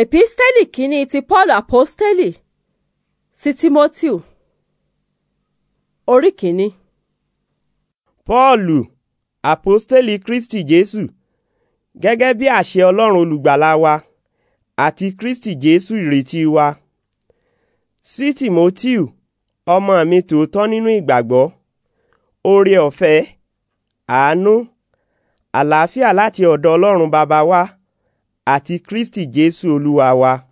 epistẹ́lì kínní ti paul apostẹ́lì sí timoteo orí kínní. pọ́ọ̀lù àpọ́stélì kristi jésù gẹ́gẹ́ bí àṣẹ ọlọ́run olùgbàlà wa àti kristi jésù ìrètí wa sí timoteo ọmọ mi tòótọ́ nínú ìgbàgbọ́ oore ọ̀fẹ́ àánú àlàáfíà láti ọ̀dọ̀ ọlọ́run bàbá wa àti Kristi Jésù Olúwa wa.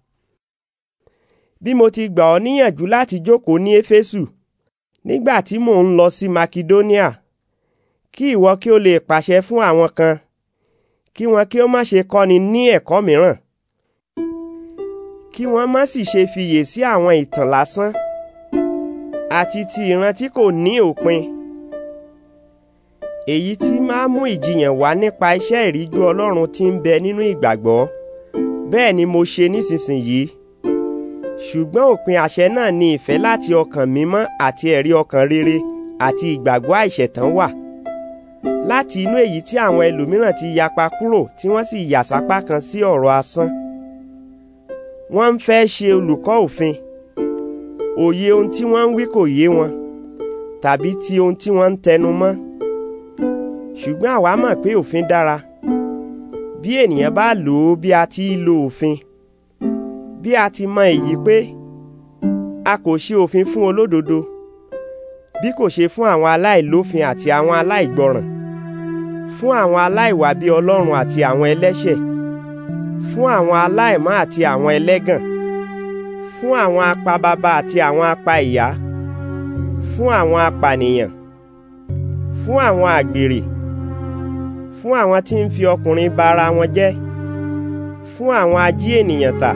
Bí mo ti gbà ọ́ níyànjú láti jókòó ní Éfésù nígbà tí mò ń lọ sí Makedonia kí ìwọ kí o lè pàṣẹ fún àwọn kan kí wọn kí ó má ṣe kọ́ni ní ẹ̀kọ́ mìíràn kí wọ́n má sì ṣe fiyè sí àwọn ìtàn lásán àti ti ìran tí kò ní òpin èyí tí máa mú ìjiyàn wá nípa iṣẹ́ ìríjú Ọlọ́run tí ń bẹ nínú ìgbàgbọ́ bẹ́ẹ̀ ni mo ṣe nísinsìnyí ṣùgbọ́n òpin àṣẹ náà ni ìfẹ́ láti ọkàn mímọ́ àti ẹ̀rí ọkàn rere àti ìgbàgbọ́ àìṣẹ̀tàn wà láti inú èyí tí àwọn ẹlòmíràn ti yapa kúrò tí wọ́n sì yà sápá kan sí ọ̀rọ̀ asán wọ́n ń fẹ́ ṣe olùkọ́ òfin òye ohun tí wọ́n ń wí kò yé wọn tàbí ti ohun tí wọ́n ń tẹnu mọ́ ṣùgbọ́n àwa mọ̀ pé òfin dára bí ènìyàn bá lò ó bí a ti lo òfin bí a ti mọ èyí pé a kò ṣe òfin fún olódodo bí kò ṣe fún àwọn aláìlófin àti àwọn aláìgbọràn fún àwọn aláìwà bí ọlọ́run àti àwọn ẹlẹ́ṣẹ̀ fún àwọn aláìmọ́ àti àwọn ẹlẹ́gàn fún àwọn apababa àti àwọn apa ìyá fún àwọn apànìyàn fún àwọn àgbèrè fún àwọn tí ń fi ọkùnrin ba ara wọn jẹ́ fún àwọn ají ènìyàn tà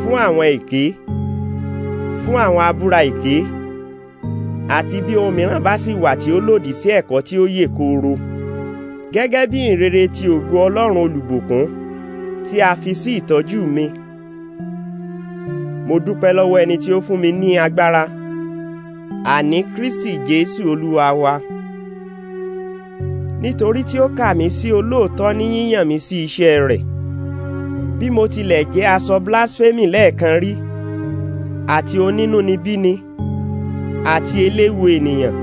fún àwọn èké fún àwọn abúra èké àti bí ohun mìíràn bá sì wà tí ó lòdì sí ẹ̀kọ́ tí ó yè kooro gẹ́gẹ́ bí ìrere ti ògo Ọlọ́run olùbùkún tí a fi sí ìtọ́jú mi mo dúpẹ́ lọ́wọ́ ẹni tí ó fún mi ní agbára àní Kristi Jésù Olúwa wa nítorí tí ó kà mí sí olóòótọ́ ní yíyàn mi sí iṣẹ́ rẹ̀ bí mo tilẹ̀ jẹ́ aṣọ blasphemy lẹ́ẹ̀kan rí àti onínúnibíni àti eléwu ènìyàn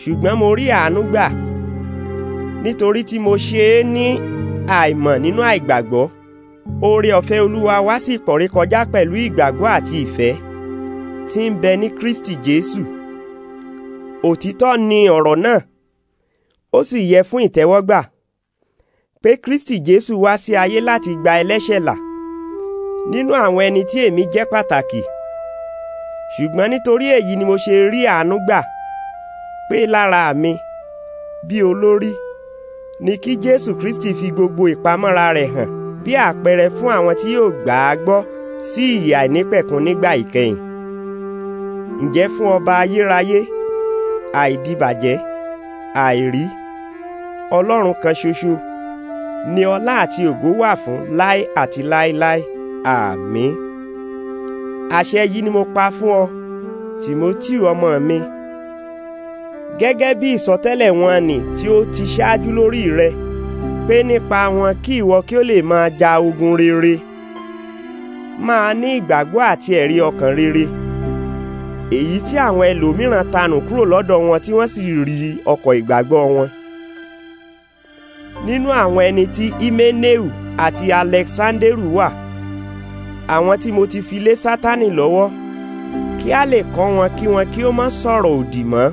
ṣùgbọ́n mo rí àánú gbà nítorí tí mo ṣe é ní àìmọ̀ nínú àìgbàgbọ́ oore ọ̀fẹ́ olúwa wá sí ìpọ̀rí kọjá pẹ̀lú ìgbàgbọ́ àti ìfẹ́ tí ń bẹ ní Kristi Jésù òtítọ́ ni ọ̀rọ̀ náà ó sì yẹ fún ìtẹ́wọ́gbà pé Kristi Jésù wá sí ayé láti gba ẹlẹ́ṣẹ̀ là nínú àwọn ẹni tí èmi jẹ́ pàtàkì ṣùgbọ́n nítorí èyí ni mo ṣe rí àánú gbà pé lára mi bí olórí ni kí Jésù Kristi fi gbogbo ìpamọ́ra rẹ̀ hàn bí àpẹẹrẹ fún àwọn tí yóò gbà á gbọ́ sí ìyè àìnípẹ̀kun nígbà ìkẹyìn ǹjẹ́ fún ọba ayérayé àìdíbàjẹ́ àìrí ọlọ́run kan ṣoṣo ni ọlá àti ògo wà fún láé àti láéláé àmín àṣẹ yìí ni mo pa fún ọ tìmọ́tíù ọmọ mi gẹ́gẹ́ bí ìsọtẹ́lẹ̀ wọn nì tí ó ti ṣáájú lórí rẹ pé nípa wọn kí ìwọ kí ó lè máa ja ogun rere máa ní ìgbàgbọ́ àti ẹ̀rí ọkàn rere. Re èyí tí àwọn ẹlòmíràn tanù kúrò lọ́dọ̀ wọn tí wọ́n sì rí ọkọ̀ ìgbàgbọ́ wọn. nínú àwọn ẹni tí Himeneu àti Alexanderu wà àwọn tí mo ti fi lé Sátánì lọ́wọ́ kí a lè kọ́ wọn kí wọn kí ó má sọ̀rọ̀ òdì mọ́.